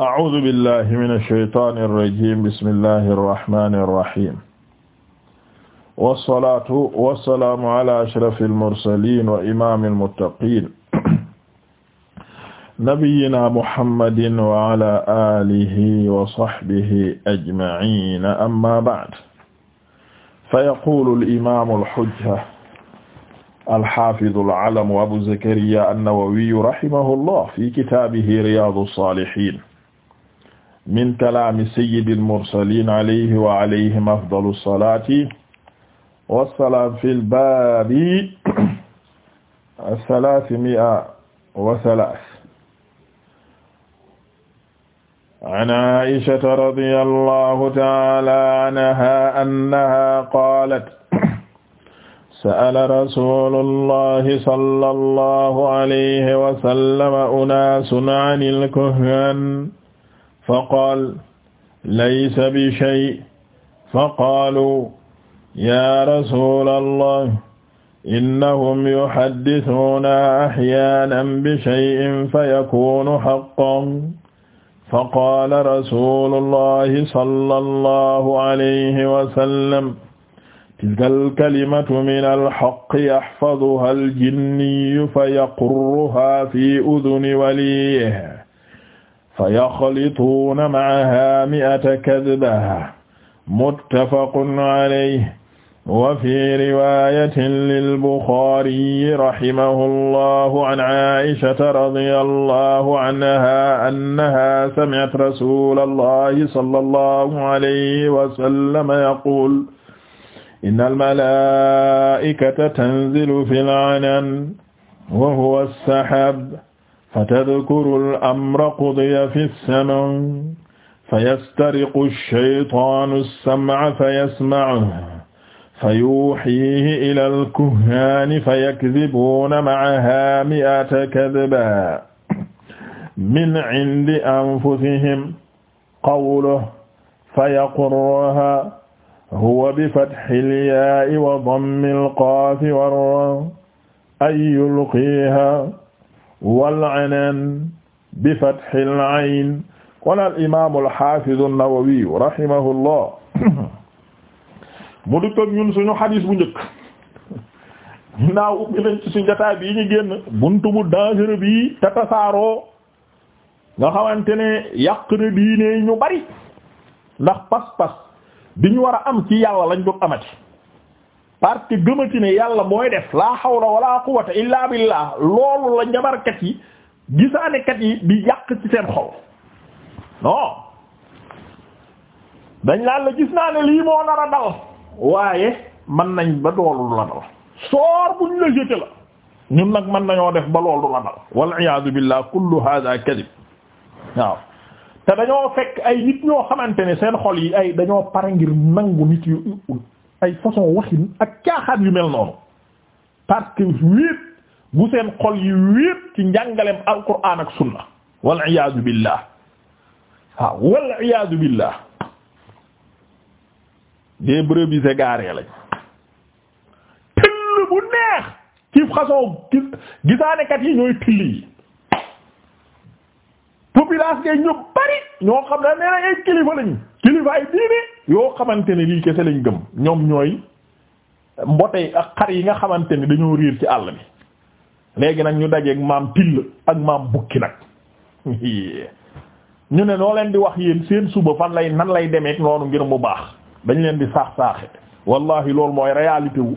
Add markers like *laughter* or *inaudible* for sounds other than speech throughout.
أعوذ بالله من الشيطان الرجيم بسم الله الرحمن الرحيم والصلاة والسلام على أشرف المرسلين وإمام المتقين نبينا محمد وعلى آله وصحبه أجمعين أما بعد فيقول الإمام الحجة الحافظ العلم أبو زكريا النووي رحمه الله في كتابه رياض الصالحين min kalaami sayyidil mursaliin alayhi wa alayhim afdalu salaati wa salaam fil baabi salaasimi'a wa salaas. an Aa'ishata radiyallahu ta'aalaa anhaa annahaa qaalat sa'ala rasuulullahi sallallahu alayhi wa sallam unaasun anil kuhhaan faqaal laysa bi shay faqaalu ya rasula allah innahum yuhaddisuuna ahyaanan bi shayin fa yakunu haqqan faqaala rasulu allahi salla allahu alayhi wasallam tilka alkalimatu min alhaqqi yahfaduha aljinniyu fa yaqurruha fi uduni waliyyihi fa yaxlituuna maaha miata kadba muttafaqun alayhi wa fi riwayatin lilbuxaariyi rahimahu allahu an aishata radiya allahu anha annaha sami'at rasula allahi sallallahu alayhi wa sallam yaqul inna almalaikata tanzilu fil anan wa huwa as-sahab fatadkuru al-amra qudiya fi as-samaa fayastariqu ash-shaytaanu as-sam'a fayasma'uhu fayuhyihi ila al-kuhhaani fayakdibuuna ma'ahaa mi'ata kadbin min 'indi anfusihim qawluhu fayaqurruhaa huwa bi-fathi al-yaa'i wa dammi al-qaafi war-raa ay yulqiihaa wal anan bi fathil ayn kon al imaam al mu dikk ak ñun suñu xadis bu njëkk naaw ubbi nañ ci suñu jotaay bii ñu génn buntu bu dangereux bi te tasaaroo nga xamante ne yàq bi diine ñu bari ndax pas-pas bi ñu war a am ci yàlla lañ am amati. parce que gëmati ne yàlla mooy def laa hawla wala quwwata illa billah loolu la njabarkat yi gisaanekat yi di yàq ci seen xol non dañ naan la gis naa ne lii moo nar a dal waaye mën nañ ba doolu du la dal soor buñ la jëte ñun nag mën nañoo def ba loolu la dal wal iyaadu billah kullu hada kadib waaw te dañoo fekk ay nit ñoo xamante ne seen xol yi ay dañoo pare ngir nangu nit yu ay façon waxin ak caaxaan yu mel noonu parce que wéet bu seen xol yi wéet ci njàngaleem alquran ak sunna wal iyaadu billah waaw wal iyaadu billah des brebis égarées lañ till bu neex ci façon gisaanekat yi ñooy till yi population ñu bari ñoo xam ne nee na ay kilifa lañ kilifaay diini yoo xamante ne lii kese lañ gëm ñoom ñooy mbotey ak xar yi nga xamante ni dañoo riir ci àll bi léegi nag ñu dajeek maam till ak maam bukki nag *laughs* ñu ne noo leen di wax yéen seen suba fan lay nan lay demeek noonu ngir mu baax dañ leen di saax-saaxe wallahi loolu mooy réalité wu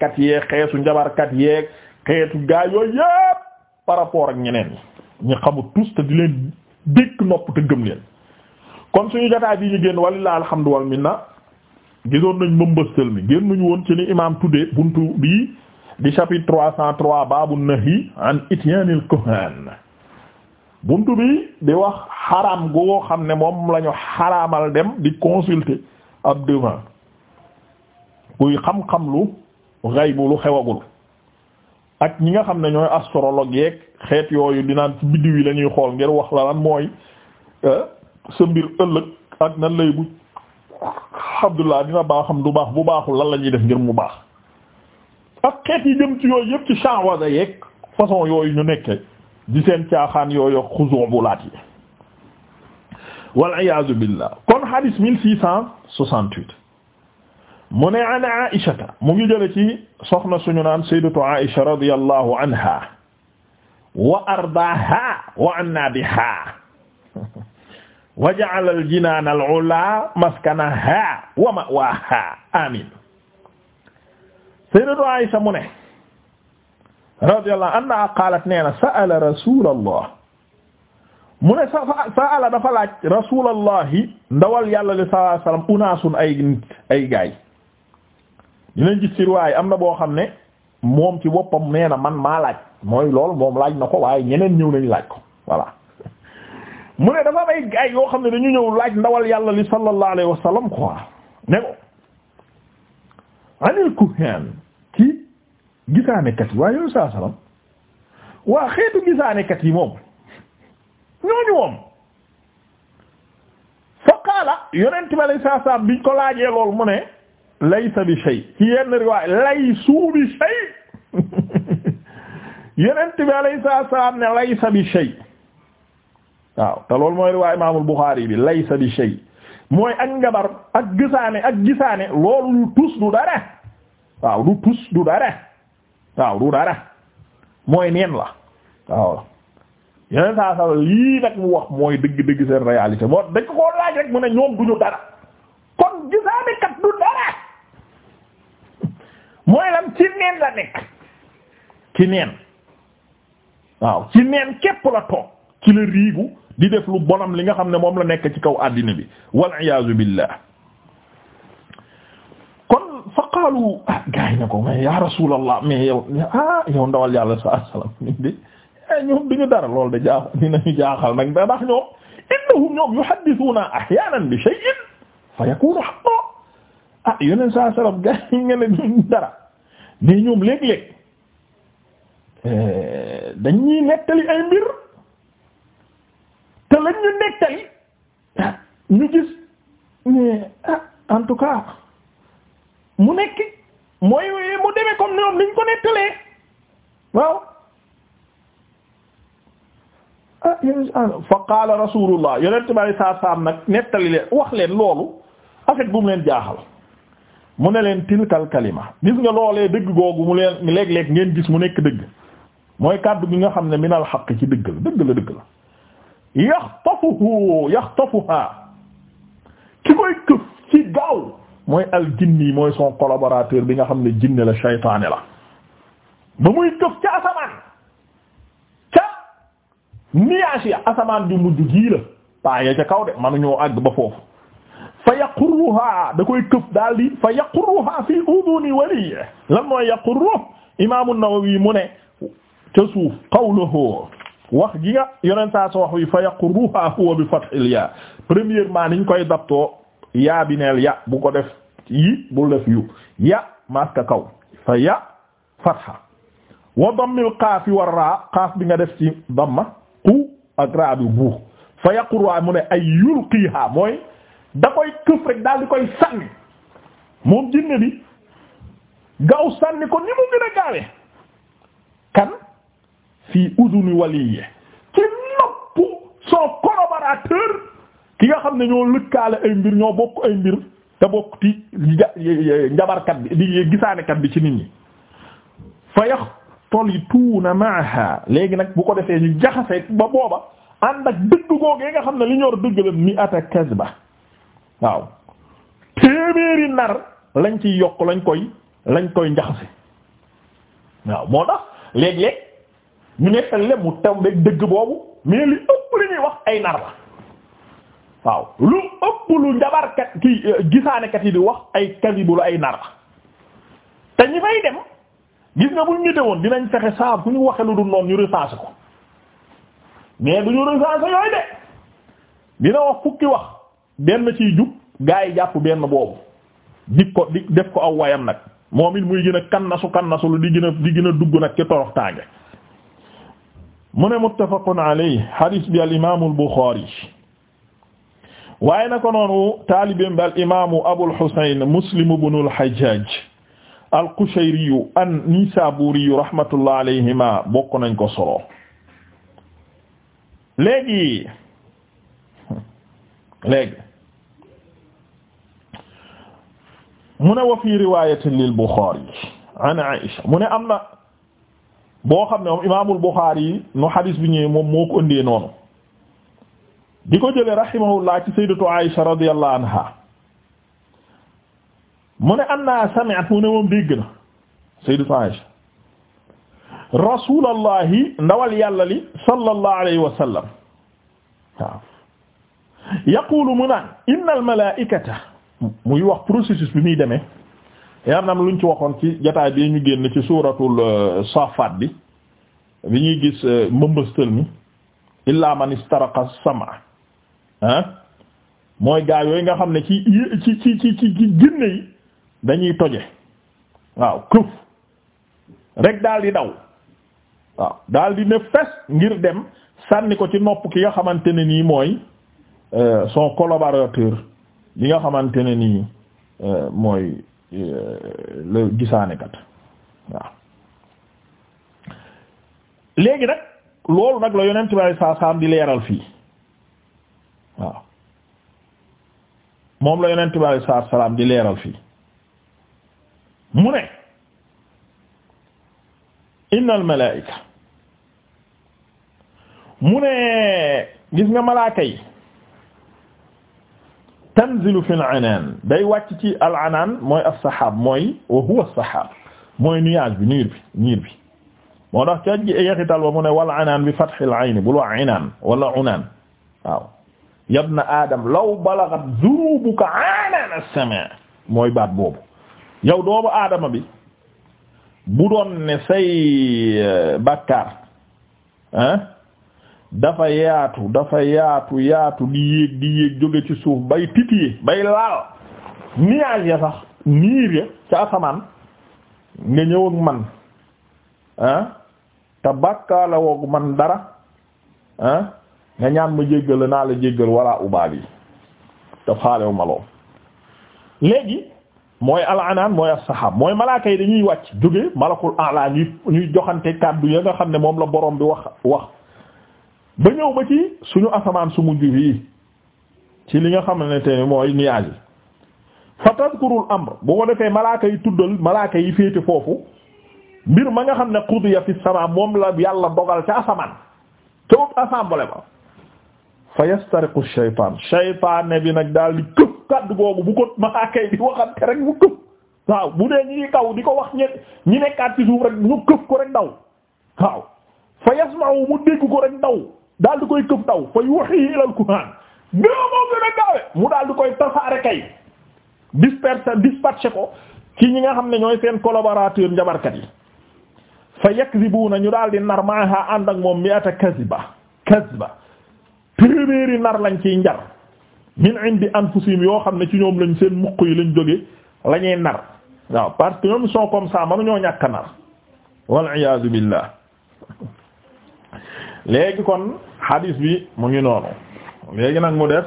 kat yeeg xeesu njabarkat yeeg xeetu gaa yooyu yépp par rapport ak ñeneen ñi ñu xamul tous te di leen dékk nopp te gëm leen kon suñu jotaay bi ñu génn walilah alhamdu wal minna gisoon nañ mbambastal mi génnuñu woon ci ni imam tuddee buntu bii di chapitre trois cent trois baabu nahyi an ityanil kuhan buntu bi di wax xaraam goo xam ne moom lañu ñu xaraamal dem di consulter ab devant kuy xam-xam lu gaybu lu xewagul ak ñi nga xam ne ñooy astrologue yeeg xeet yooyu dinaan ci biddiw yi lañuy ñuy xool ngir wax la lan mooy euh, sa mbir ëllëg ak nan lay bu du baax bu baaxul lan la ñuy def ngir mu baax ak xeet yi jëm ci yooyu yëpp ci chanwasa yeeg façon yooyu ñu nekke di seen caaxaan yooyu xuson bu laat yi waliyasu billah kon hadis mille six cent soixante-huit mu ne an aishata mu ngi jële ci soxna suñu naan sayyidatu aisha radiyallahu anha wa ardaaha wa anna wa ja'ala al-jinaan al-'ulaa maskanahaa wa ma'waahaa amiin sayyidatu Aysa mu ne radiyallahu anha qaalat nee na sa'ala rasuulallah mu ne sa'ala dafa laaj rasuulallahi ndawal yàlla li sallallahu alayhi wasallam unaasun ay ay gaay dinañ gis ci am na boo xam ne moom ci boppam nee na man maa laaj mooy lool moom laaj na ko waaye ñeneen ñëw nañ laaj ko voilà mu ne dafa may gaay yoo xam ne dañu ñëw laaj ndawal yàlla li sallallahu alayhi wa sallam quoi ne ko anil kuhan ci gisaanekat yi waaye yooyu salaam waa xeetu gisaanekat yi moom ñooñu moom fa qaala yonent bi alayhi salaam biñ ko laajee lool mu ne laysa bi shay ci yenn riwaay laysu bi shay *laughs* yonent bi alayhi salaam ne laysa bi shay waaw te lool mooy riwaay imaamul Buxaari bi laysa bi shay mooy ak ngabar ak gisaane ak gisaane loolu du tus du dara waaw du tus du dara mooy neen la waaw yeneen saa saa lii nag mu wax mooy dëgg-dëgg seen réalité moo dañ koo laaj rek mu ne ñoom duñu dara kon gisaane kat du dara *laughs* mooy lam ci neen la nekk ci neen waaw ci neen képp la toog ci la riigu di def lu bonam li nga xam ne moom la nekk ci kaw àddina bi wal iyaazu billah kon fa qaalu ah gars ya rasulallah mais ah, ndawal yàlla sa salam ñun de eh, ñoom duñu dara lool de jaax jaaxal nag da ndax ñoom innahum ñoom yuhaddithuna ahyanan bi shay'in fa yakunu haqqan ah yi nga ne eh, ay mbir lañ ñu nettali ah, ñu gis mais ah tout cas mu nekk mooy mu demee comme ñoom niñ ko nettalee waaw ah, ah, fa qaala rasulullah yonent bi saa saam nag nettali leen wax leen loolu affaire bu mu leen jaaxal mu ne leen tilkal kalima gis nga loolee dëgg googu mu leen léeg-léeg ngeen gis mu nekk dëgg mooy kàddu gi nga xam ne minal xaq ci dëgg la dëgg la dëgg la yaxtafuhu yaxtafuha ki koy këf ci gaaw mooy aljinni mooy son collaborateur bi nga xam ne jinne la shaytaane la ba muy këf ca asamaan ca nuage ya asamaan bi mujj gii la paa ca kaw de manuñoo àgg ba foofu fa yaqurruha da koy këf daal di fa yaqurruha fi uduni waliye lan mooy yaqurru imaamu Nawawi mu ne ca suuf qawluhu wax gi nga yonent saa sa wax wi fa yaqruha huwa bi fathil ya premièrement niñ koy dabtoo yaa ya bu ko def yi bul def yu ya maska kaw fa ya fatha wa dammil xaafi war raa xaaf bi nga def ci damma ku ak raa bi bu fa yaqruha mu ne ay yulqiha mooy da koy këf rek daal di koy sànni moom jinne bi gaaw sànni ko ni mu gën a gaawee kan fii uduni waliye ci nopp son collaborateur ki nga xam ne ñoo lëkkaale ay mbir ñoo bokk ay mbir te bokk ci njabarkat bi di gisaanekat bi ci nit ñi fa yax tol yi tuuna maaha léegi nag bu ko defee ñu jaxasee ba booba ànd ak dëgg googee nga xam ne li ñor dëgg la mi ata kasba waaw téeméeri nar lañ ci yokk lañ koy lañ koy njaxase waaw moo tax léeg-léeg ñu nekkal mu taw beeg dëgg boobu mais li ëpp li ñuy wax ay nar la waaw lu ëpp lu njabarkat ki euh, gisaanekat yi di wax ay kasibu lu ay nar la te ñi fay dem gis nga buñ nite woon dinañ fexe saa fu ñu waxe lu dul noonu ñu recensé ko mais du ñu recensé yooyu de dina wax fukki wax benn ciy jub gaa yi jàpp benn boobu di ko di def ko aw wayam nag moom it muy gën a kannasu kannasu lu di gën a di gën a dugg nag ci toroxtaange mu ne muttafaqun alayhi hadis bi al imaamu al Buxaari waaye naka noonu taalibeem bi al imaamu Abul Husayn Muslim ibnu al Hajjaaj al Qushayriyu an Nisaabuuriyu rahmatullah alayhima bokk nañ ko solo léegi léegi mu ne wa fi riwaayatin lil Buxaari an Aïsha mu ne am na. boo xam ne moom imaamul Buxaari yi nu xadis bi ñëwee moom moo ko ëndee noonu di ko jëlee rahimahullah ci sayyidatu Aisha radiyallahu anha ne anna sami'at mu ne moom dégg ndawal yàlla li sallallahu alayhi wa sallam waaw yaqulu mu naan muy wax processus bi muy demee yaa nam luñ ci waxoon ci jotaay bi ñu génne ci suuratul euh, Saffaat bi bi ñuy gis euh, mbëmbëstal mi illaa man istaraqa sama ah mooy gaa yooyu nga xam ne ci ci ci ci ci yi dañuy toje waaw këf rek daal di daw waaw daal di ne fes ngir dem sànni ko ci nopp ki nga xamante ne nii mooy euh, son collaborateur bi nga xamante ne nii mooy la gisaanekat waaw léegi nag loolu nag la yonent bi saa saam di leeral fii waaw moom la yonent bi saa salaam di leeral fii mu ne innal malaa'ika mu ne gis nga malaaka yi tanzilu fil anaan day wàcc ci al anaan mooy as-saxaab mooy wa huwa as-saxaab mooy nuage bi niir bi niir bi moo tax ca yeexital ba mu ne wal anaan bi fathil ayn bul wax inaan wala unaan waaw yabna aadam law balagat zunubuka anaan as-samaa mooy baat boobu yow doomu aadama bi bu doon ne say eh, bàkkaar ah dafa yaatu dafa yaatu yaatu di yéeg di yéeg jóge ci suuf bay titiye bay laal nuage ya sax niir ya ca asamaan nga ñëw man ah te bàkkaala man dara ah nga ñaan ma jéggal la naa la jéggal wala ubaal yi te faalewu lool léegi mooy alanaan mooy as mooy malaaka yi dañuy wàcc jóge malakul a'la ñuy ñuy joxante kàddu ya nga xam ne moom la borom bi wax wax ba ñëw ba ci suñu asamaan sumuj mujj ci li nga xamante ne mooy nuages yi fa tadkurul amr bu ko defee malaaka yi tuddal malaaka yi féete foofu mbir ma nga xam ne qudiya fi sama moom la yàlla dogal ca asamaan ca ëpp assemblée ba fa yastariqu shaytaan shaytaan bi nag daal di këf kàddu googu bu ko malaaka yi di waxante rek bu këf waaw bu dee ñi kaw di ko wax ñe ñi nekkaat ci suuf rek ñu këf ko rek daw waaw fa yasma'u mu dégg ko rek daw daal di koy këf taw fa yuhi ilal kuhaan gëna moo gën a mu daal di koy tasaare kay disperser dispatcher ko kii ñi nga xam ne ñooy seen collaborateur njabarkat yi fa yakzibuna ñu daal di nar maaha ànd ak moom mi'ata kaziba kaziba yi nar lañ ciy njar min indi anfusihim yoo xam ne ci ñoom lañ seen mukk yi lañ jóge la ñuy nar waaw parce que ñoom ils sont comme ça manu ñoo ñàkk nar wal iyaazu billah léegi kon hadis bi mu ngi noonu léegi nag mu def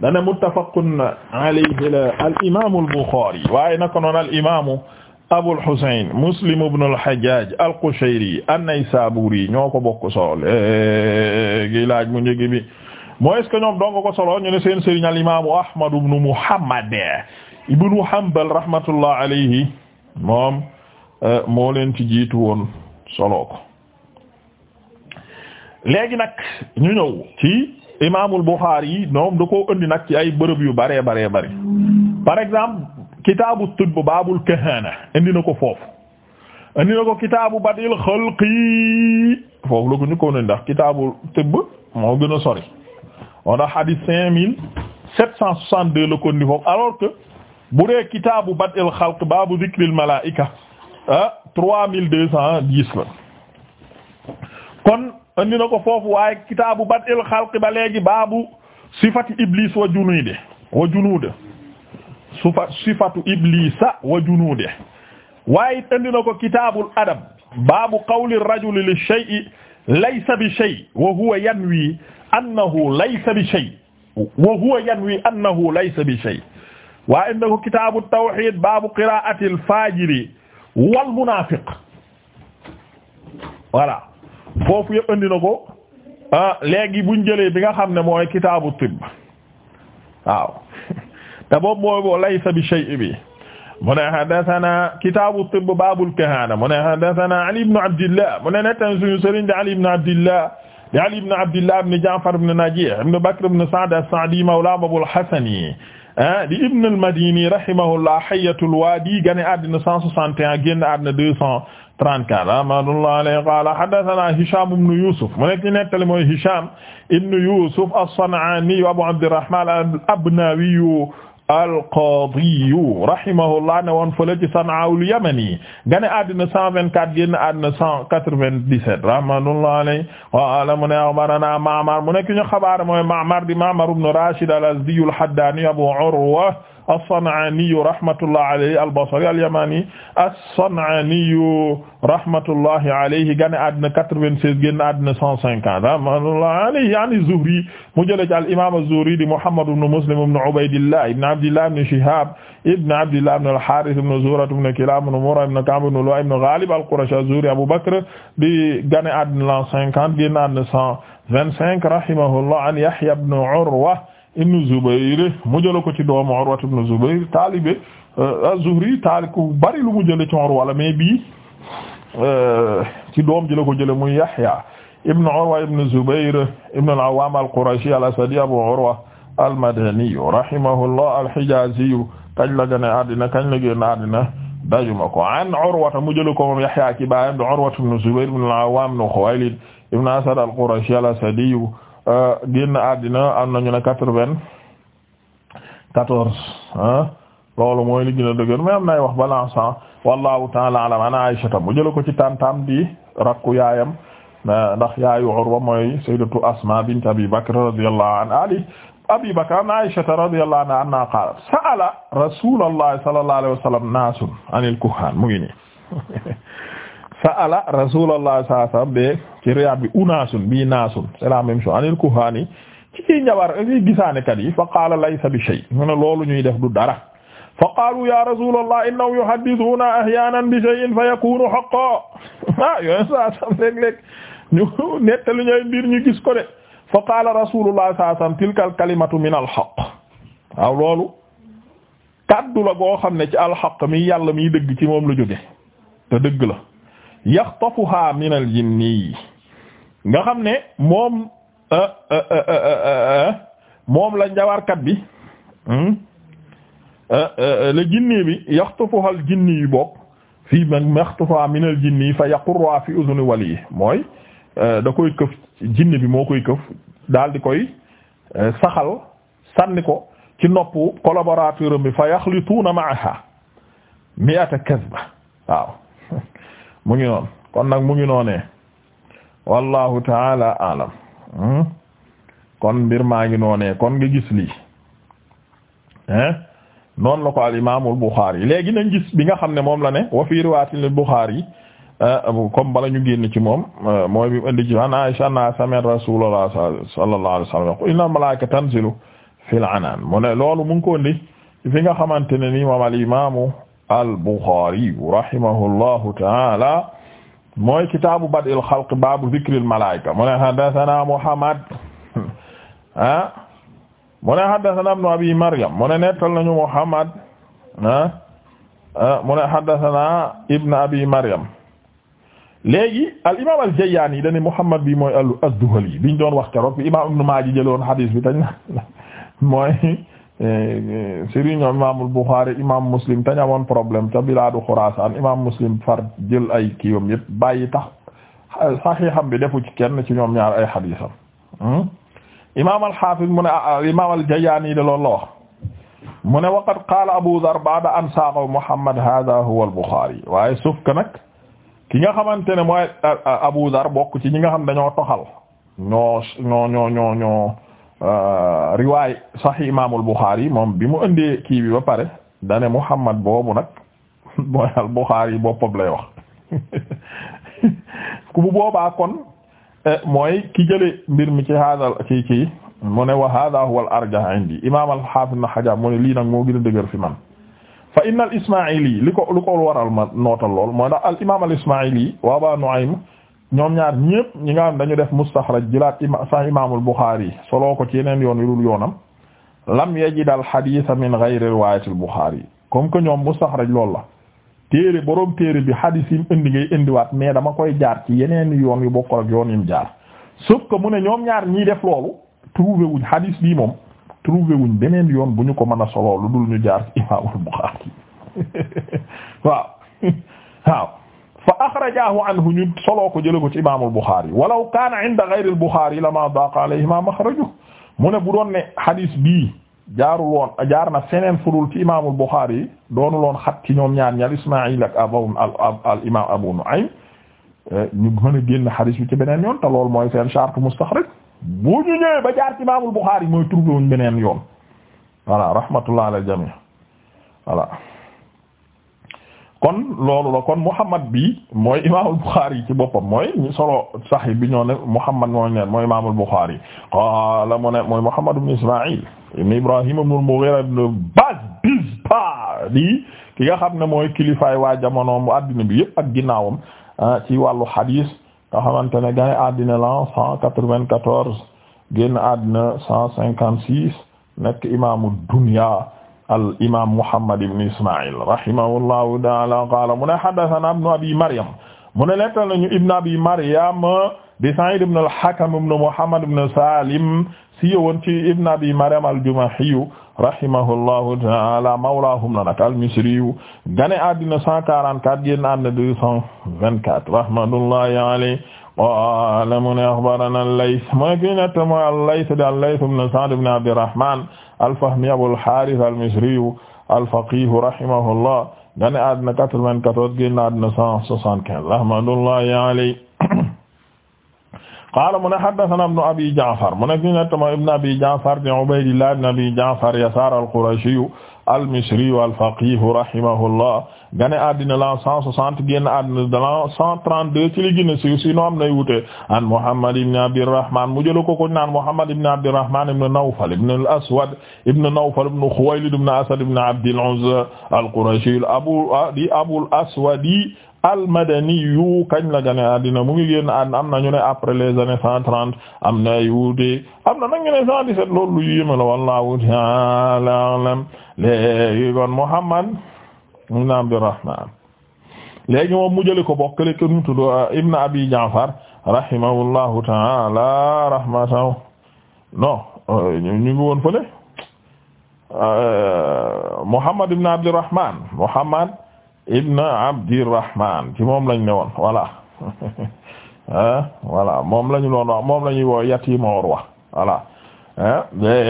dana muttafaqun alayhi la al imaamu al Buxaari waaye naka noonu al imaamu Abul Husayn Muslim ibn al Hajjaj al Qushayri an-Naysaburi ñoo ko bokk solo léegi laaj mu njëgi bi mooy est-ce que ñoom doon ko solo ñu ne seen sëriñ al imaamu Ahmad ibn Muhammad ibn Hanbal rahmatullah alayhi moom moo leen ci jiitu léegi nag ñu ñëw ci imaamul Buxaari yi ñoom da koo indi nag ci ay bërëb yu bëree bare bëri par exemple kitaabu tibb baabul kahaana indi na ko foofu indi na ko kitaabu badil xalqi foofu la ko ñu ko indi ndax kitaabu tibb moo gën a sori on a hadith cinq mille sept cent soixante deux la ko foofu alors que bu dee kitaabu badil xalq baabu zikril malaa'ika ah trois mille deux cent dix la kon andi na ko foofu waaye kitaabu bad'il xalqi ba léegi baabu sifati iblis wa junuude wa junuude sufa sifatu iblisa wa junuude waaye it andi na ko kitaabul adab baabu qawli rajuli li shay'i laysa bi shay wa huwa yanwi annahu laysa bi shay wa huwa yanwi annahu laysa bi shay waaye indi ko kitaabu tawxiid baabu qiraa'atil faajiri wal munaafiq voilà foofu yëpp andi na ko ah, léegi buñ jëlee bi nga xam ne mooy kitaabu tibb waaw *laughs* te boobu mooy boo laysa bi shay bi mu ne haddathana kitaabu tibb baabul kahaana mu ne haddathana Ali ibn Abdillah mu ne nettan suñu sëriñ di Ali ibn Abdillah di Ali ibn Abdillah ibn Ja'far ibn Najih ibn Bakr ibn Sa'd as-Sa'di mawla Abul Hasan ah, di ibn al-Madini rahimahullah hayyatul waadi gane àddina 161 génn àddina 200 34 rahmatullahi alayhi qala haddathana Hisham ibn Yusuf mu nekk ñu nettali mooy Hisham ibn Yusuf al-Abnawi al-Qadi rahimahullah ne woon fële ci San'a al-Yamani gane àddina 124 génn àddina 197 rahmatullahi alayhi Ma'mar mu nekk ñu xabaar mooy Ma'mar di Rashid al-Azdi al-Haddani Abu Urwa as-San'aani rahmatullahi alayhi al-Basri al-Yamani as-San'aani rahmatullahi alayhi gane àddina quatre-vingt-seize génn àddina cent cinquante rahmatullahi alayhi yaani Zuhri mu jëlee ci al-imaam az-Zuhri di Muhammad ibn Muslim ibn Ubaydillah ibn Abdillah ibn Shihab ibn Abdillah ibn al-Harith ibn Zuhra ibn Kilab ibn Murra ibn Ka'b ibn Lu'ay ibn Ghalib al-Qurashi az-Zuhri Abu Bakr di gane àddina cent cinquante génn àddina cent vingt-cinq rahimahullah an Yahya ibn Urwa ibn Zubayr mu jëla ko ci doomu Urwa ibn Zubayr taalibe euh, az-Zuhri taalibe ku bari lu mu jële ci Urwa la mais euh, doom ji la ko jële muy Yahya ibn Urwa ibn Zubayr ibn al-Awwam al-Qurashi al-Asadi Abu Urwa al-Madani rahimahullah al-Hijazi kañ la gane àddina kañ la génn àddina dajuma ko an Urwa mu jëla ko moom Yahya ci baayam Urwa ibn Zubayr ibn al-Awwam ibn ibn Asad al-Qurashi al-Asadi Euh, génn àddina am nañu ne quatre-vingt-quatorze loolu mooy li gën a am nay wax balance wallahu ta'ala alam ana Aysata mu jëla ko ci tantam di rakku yaayam ndax yaayu Urwa mooy sayyidatu Asma bint Abi Bakr radiyallahu anha ali Abi Bakr an Aysata radiyallahu anha anna qalat sa'ala rasulullahi sallallahu alayhi wa sallam mu ngi ni *laughs* sa'ala rasulullah sallallahu alayhi wasallam be ci ci njabar ci gisaanekat yi fa qaala laysa bi shay mu loolu ñuy def du dara fa qaalu ya rasulullah innahum yuhaddithuna ahyaanan bi *laughs* ah, ñu nettali ñooy mbir ñu gis ko de fa qaala rasulullah sallallahu alayhi tilka al min al haqq loolu kaddu la goo xam ne ci al mi yàlla miy dëgg ci moom la jóge te dëgg la yaxtafuha min al jinni nga xam ne moom euh, euh, euh, moom la njawarkat bi hmm, le jinni bi yaxtafuha al jinni yi bokk fii man yaxtafuha min al jinni fa yaqurra fi udhuni wali mooy da koy këf jinni bi moo koy këf dal di koy saxal sànni ko ci noppu collaborateur am bi fa yaxlituuna ma'aha mi'ata kasba waaw mu ngi noon kon nag mu ngi noonee wallahu taala alam hmm? kon mbir maa ngi noonee kon nga gis lii hein eh? noonu la ko al imaamul Buxaari léegi nañ gis bi nga xam ne moom la ne wa fi riwaayatil Buxaari eh, comme bala ñu génn ci moom eh, mooy bi indi ci an Aysa anna sami'at Rasuulullah sallallahu alayhi wa sallam yaqul inna tanzilu fil anaan mu ne loolu mu ngi fi nga xamante ne nii moom al imaamu al-Bukhari rahimahullahu ta'ala mooy kitaabu bad'il xalq baabu zikril malaa'ika mu ne haddasanaa Muhammad *laughs* ah mu ne haddasanaa ibnu Abi Maryam mu ne nettal nañu Muhammad ah, ah mu ne haddasanaa ibnu Abi Maryam léegi al imaam al Jayyaani yi dañuy Muhammad bi mooy al-Adduhali biñ doon wax keroog bi imaam Ibnu Maaja jëloon hadiis bi tañ mooy. sëriñ imaamul Buxaari imam Muslim tañ amoon problème ca bilaadu Xuraasaan imam Muslim far jël ay kiiwam yëpp bàyyi tax saxiixam bi defu ci kenn ci ñoom ñaar ay xadiisam hmm? imam al-Haafiz mu ne al imam al-Jayaani de loolu la wax mu ne waqad qaala Abu Dharr ba'da an saaqa Muhammad haadha huwa al-Buxaari waaye suuf que ki nga xamante ne mooy Abu Dharr bokk ci ñi nga xam dañoo toxal ñoo ñoo ñoo ñoo Euh, riwaay sax imaamul Bukhari moom bi mu indee kii bi ba pare dane Muhammad boobu nag *laughs* mooy al Bukhari boppam lay wax *laughs* ku bu boobaa kon eh, mooy ki jële mbir mi ci haadal ci ci mu ne wa hada huwa al arjah indi imaam al na Hajar mu ne lii nag moo gën a dëgër fi man fa inna al Ismaa'ili li ko lu ko waral ma nootal lool mooy ndax al imaam ñoom ñaar ñépp ñi nga xam dañu def mustaxraj jilaat ima sax imaamul Buxaari soloo ko ci yeneen yoon yu dul yoonam lam yajid al xadiisa min gayri riwaayatil Buxaari comme que ñoom mustaxraj loolu la téere boroom téere bi xadiis yi mu indi ngay indiwaat mais dama koy jaar ci yeneen yoon yu bokk ak yoon yi mu jaar sauf ko mu ne ñoom ñaar ñii def loolu trouvé wuñ xadiis bii moom trouvé wuñ beneen yoon bu ñu ko mën a soloo lu dul ñu jaar ci imaamul Buxaari *laughs* waaw. *laughs* fa axrajaahu anhu ñu soloo ko jëlee ko ci imaamul Buxaari walaw kaana inda gayril Buxaari lamaa daaqa alayhimaa maxrajuhu mu ne bu doon ne hadis bii jaarul woon jaar na feneen furul ci imaamul Buxaari doonul woon xat ci ñoom ñaar ñaar Ismaa'iil ak abawum al al imaam Abu Nu'aym ñu mën a génn hadis bi ci beneen yoon te loolu mooy seen charte mustaxraj bu ñu ñëwee ba jaar ci imaamul Buxaari mooy trouvé wuñ beneen yoon voilà rahmatullah alal jamii voilà. kon loolu la kon Muhammad bi mooy imaamul Bukhari ci boppam mooy ñu solo saxi bi ñoo ne Muhammad mooy ne mooy imaamul Bukhari qaala mu ne mooy Muhammad ibn Isma'il ibn Ibrahim ibn al-Mughira ibn Bajbizba di ki nga xam ne mooy kilifay waa jamonoom mu addina bi yëpp ak ginnaawam ah, ci wàllu hadis nga xamante ne gane addina la cent quatre-vingt-quatorze génn addina cent cinquante-six nekk imaamu dunya al imaam Muhammad ibn Isma'il rahimahullahu ta'ala qaala mu ne haddathana ibnu abi Maryam mu ne nettal nañu ibnu abi Maryam di Sa'id ibn al-Hakam ibn Muhammad ibn Salim si yowoon ci ibnu abi Maryam al-Jumahi rahimahullahu ta'ala mawlaahum la nag al-Misri gane àddina 144 génn àddina 224 rahmatullahi alayhi qaala mu ne akhbarana al-Layth mu ne kii nett mooy al-Layth di al-Layth ibn Sa'd ibn Abdirrahman al-Fahmi Abul Haaris al-Misriyu al-faqiihu rahimahullah gane àddina 94 génn àddina 175 rahmatullahi alayhi qaala mu ne haddasanaa ibnu Abii Ja'far mu ne fi ne tama ibnu Abii Ja'far di Ubaydillah ibnu Abii Ja'far Yasaar al-Qurashiyu al-Misriyu al-faqiihu rahimahullah gane àddina la 160 génn àddina la 132 ci li gën a siiw si no am nay wute an Muhammad ibn Abdirrahman mu jël ko ko naan Muhammad ibn Abdirrahman ibn Nawfal ibn al-Aswad ibn Nawfal ibn Khuwaylid ibn Asad ibn Abd al-Uzza al-Qurashi abu ah, di Abul Aswadi almadani yu kañ la gane àddina mu ngi génn àddina am na ñu ne après les années cent trente am na ay wuute am na nag ñu ne cent dix-sept loolu lu yéeme la wallahu ta'ala a'lam léegi kon Muhammad ibn Abdurrahman léegi moom mu jëli ko bokkale ko tudd euh, ibn Abi Ja'far rahimahullahu ta'ala rahmatahu non euh, ñu ngi woon fële euh, Muhammad ibn Abdurrahman Muhammad ibn Abdurrahman ci moom lañ ne woon voilà wala *laughs* moom lañu doon wax moom lañuy woo yatiim Urwa voilà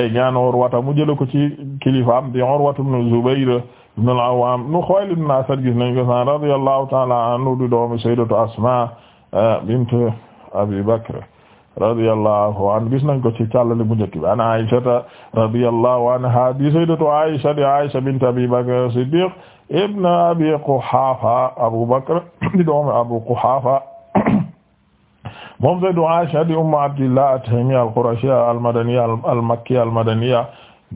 ñaan Urwata mu jëli ko ci kilifa di Urwatu ibn Zubayr ibn al-Awwam nu Xuyayl ibn Asad gis nañ ko san radiyallahu ta'ala anhu di doomu sayyidatu Asma eh, bint Abi Bakr radiyallahu anhu gis nañ ko ci càllale bu njëkk bi an Aisha radiyallahu anha di sayyidatu Aisha di Aisha bint Abi Bakr Siddiq ibn Abi Quhafa Abu Bakr *coughs* di doomu Abu Quhafa *coughs* moom sayyidatu Aisha di ummu Abdillah at-Tahmiyya al-Qurashiyya al-Madaniyya al-Makkiyya al-Madaniyya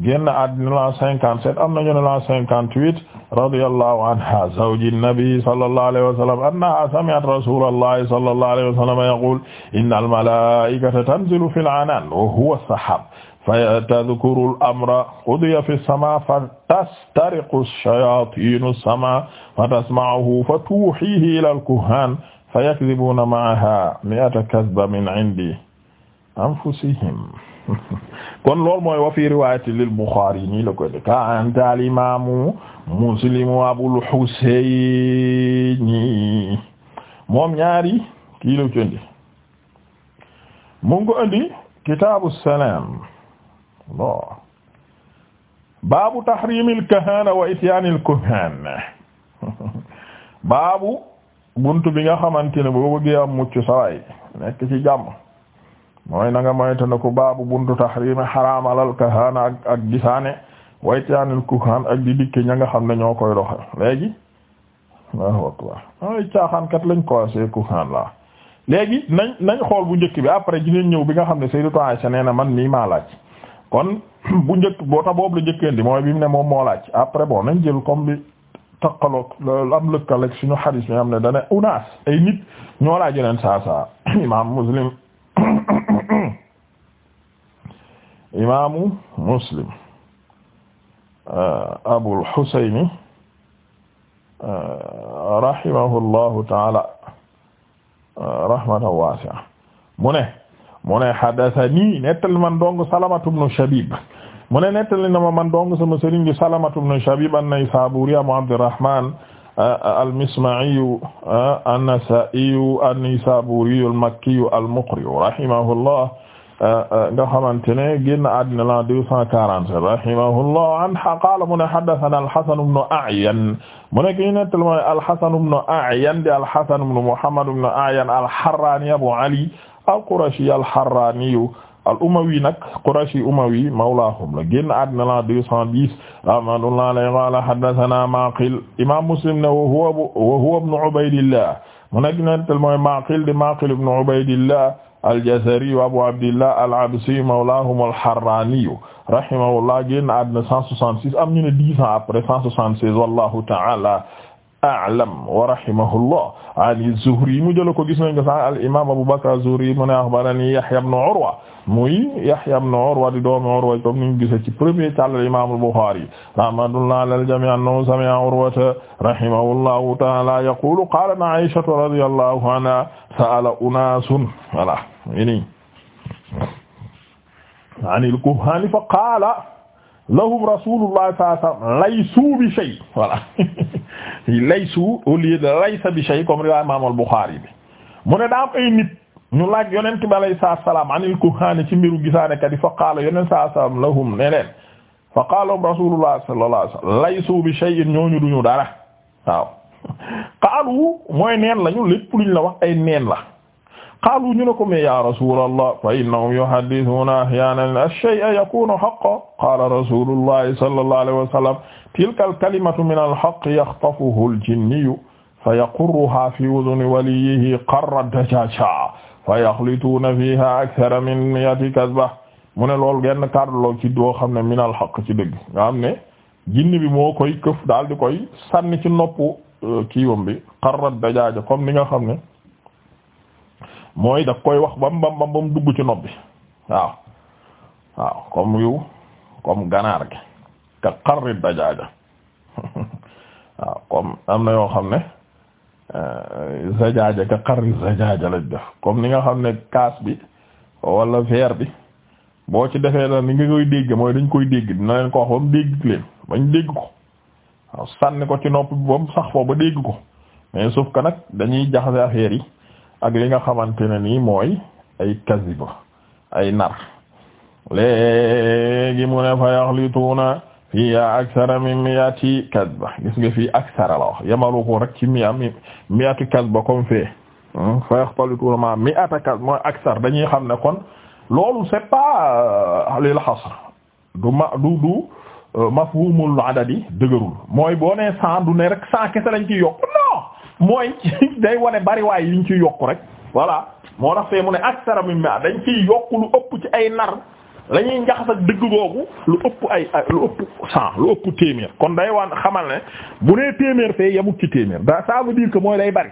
génn àddina la 57 am nañu la 58 radiyallahu anha zawji nabi sallallahu alayhi wa sallam annaha sami'at rasulallahi sallallahu alayhi wa sallam yaqul innal malaa'ikata tanzilu fil 'anaan wa huwa as-sahaab fatadkuru al-amra qudiya fi as-samaa fatastariqu ash-shayaatiinu as-samaa fatasma'uhu fatuuhiihi ila al-kuhhaan fayakdhibuuna ma'ahaa mi'ata kadhbin 'inda anfusihim kon loolu mooy wa fi riwaayati lil Buxaari nii la koy ka anta al imaamu Muslimu Abul Husayni moom ñaari kii la ko indi mu ngi salaam bon baabu tahriimil kahaana wa ityaanil kuhaana baabu buntu bi nga xamante ne boo am mucc sawaay nekk ci jàmm mooy na nga moyta ku ko baabu buntu tahrimi xaraamal al kahaana ak ak gisaane waytaanil kuhaan ak di dikke ña nga xam ne ñoo koy doxal léegi waaw waaw ay caaxaankat lañ ko see kuhaan la léegi nañ nañ xool bu njëkk bi après dinañ ñëw bi nga xam ne Sayyidatu a nee na man mii maa laaj kon bu njëkk boo tax boobu la di mooy bi mu ne moo laaj après boo nañ jël comme bi taqaloog am lëkkalek suñu xadis bi am ne dane unaas ay nit *coughs* imaamu muslim ah, abul xusayni ah, rahimahullahu taala ah, rahmatan waasi'a mu ne mu ne haddasanii nettali man dong salamatu bnu shabib mu ne nettali na ma man dong sama sëriñ di salamatu bnu shabib an-naysaabuuri abu abdirrahmaan al-misma'iyu an-nasaa'iyu an-naysaabuuriyu al-makkiyu al-muqriyu rahimahullah Euh, euh, nga xamante ne génn àddina la deux cent quarante rahimahullah an qaala mu ne haddathana al-Hasan ibn A'yan mu ne ki nettal mooy al-Hasan ibn A'yan di al-Hasan ibn Muhammad ibn A'yan al-Harrani Abu Ali al-Qurashi al-Harrani al-Umawi nag Qurashi Umawi mawlaahum la génn àddina la deux cent dix rahmatullahi alayhi qaala haddathana Maqil imam Muslim ne wa huwa ibn Ubaydillah mu ne ki nettal mooy Maqil di Maqil ibn Ubaydillah aljazariyu abu abdillah al-absiyu mawlaahum al-harraaniyu rahimahullah génn àddina 166 am ñu ne 10 ans après 176 wallaahu ta'aala a'lam wa rahimahullah ani zuhri mu jëla ko gis nañ ko sax al imam abu bakr az-zuhri mu ne akhbarani yahya ibn urwa muy yahya ibn urwa di doomi urwa comme niñ gise ci premier càll imam al-bukhari rahmatullah ala al-jami' annahu sami'a urwata rahimahullahu ta'ala yaqulu qalat aisha radiyallahu anha sa'ala unasun voilà ini anil kuhaani fa qaala lahum rasulullah sallallahu alayhi wasallam bi shay voilà *laughs* laysu au lieu bi shay comme riwaaya imaam al bi mu ne daa ay nit ñu laaj yonent bi alayhi salaam anil kuhaani ci mbiru gisaane kat yi fa qaala yonent sallallahu alayhi wasallam lahum ne leen fa qaala lahum rasulullah sallallahu alayhi wasallam bi shay ñooñu duñu dara waaw *laughs* qaalu mooy neen lañu lépp luñ la wax ay nen la qaalu ñu ne ko mais ya rasulallah fa innahum yuhaddithuna ahyanan ash-shay'a yakunu haqqan qala rasulullahi sallallahu alayhi wa sallam tilka al-kalimatu min al-haqqi yaxtafuhu al-jinniyu fa yaqurruha fi udhuni waliyyihi qarra dajaja fa yaxlituuna fiha akthara min mi'ati kadhba mu ne lool genn kàddu ci doo xam ne min al-haqq ci dëgg nga xam ne jinni bi moo koy këf daal di koy sànni ci noppu euh, kiiwam bi qarra dajaja comme ni nga xam ne mooy daf koy wax bam bam bam bam dugg ci nopp bi waaw waaw comme yu comme ganaar gi ka xarrit dajaaja *laughs* waaw comme am na yoo xam ne euh, zajaaja ka xarrit zajaaja lañ def comme ni nga xam ne kaas bi wala verre bi boo ci defee la ni nga koy dégg mooy dañ koy dégg dina leen ko wax ba mu dégg leen bañ dégg ko waaw sànni ko ci nopp bi ba mu sax foofu ba dégg ko mais suuf ka nag dañuy jaxase affaire yi ak li nga xamante ne nii mooy ay kaziba ay nar léegi mu ne fa yaxlituuna fiya aksara min miati kasba gis nga fii aksara la wax yamalu ko rek ci mia mi miati kasba comme fee hmm? fa yaxlituuna ma miata kasba mooy aksar dañuy xam ne kon loolu c'est pas euh, lil xasr du ma du du euh, mafhumul adadi dëgërul mooy boo nee cent du ne rek cent kese lañ ci mooy *laughs* day wane bari bariwaay yi ñu ciy yokk rek voilà moo tax fee mu ne aksara mimma dañ ciy yokku lu ëpp ci ay nar lañuy ñuy njaxas ak dëgg googu lu ëpp ay lu ëpp san lu ëpp téeméer kon day wan xamal ne bu nee téeméer fee yemut ci téeméer da ça diir dire mooy day bari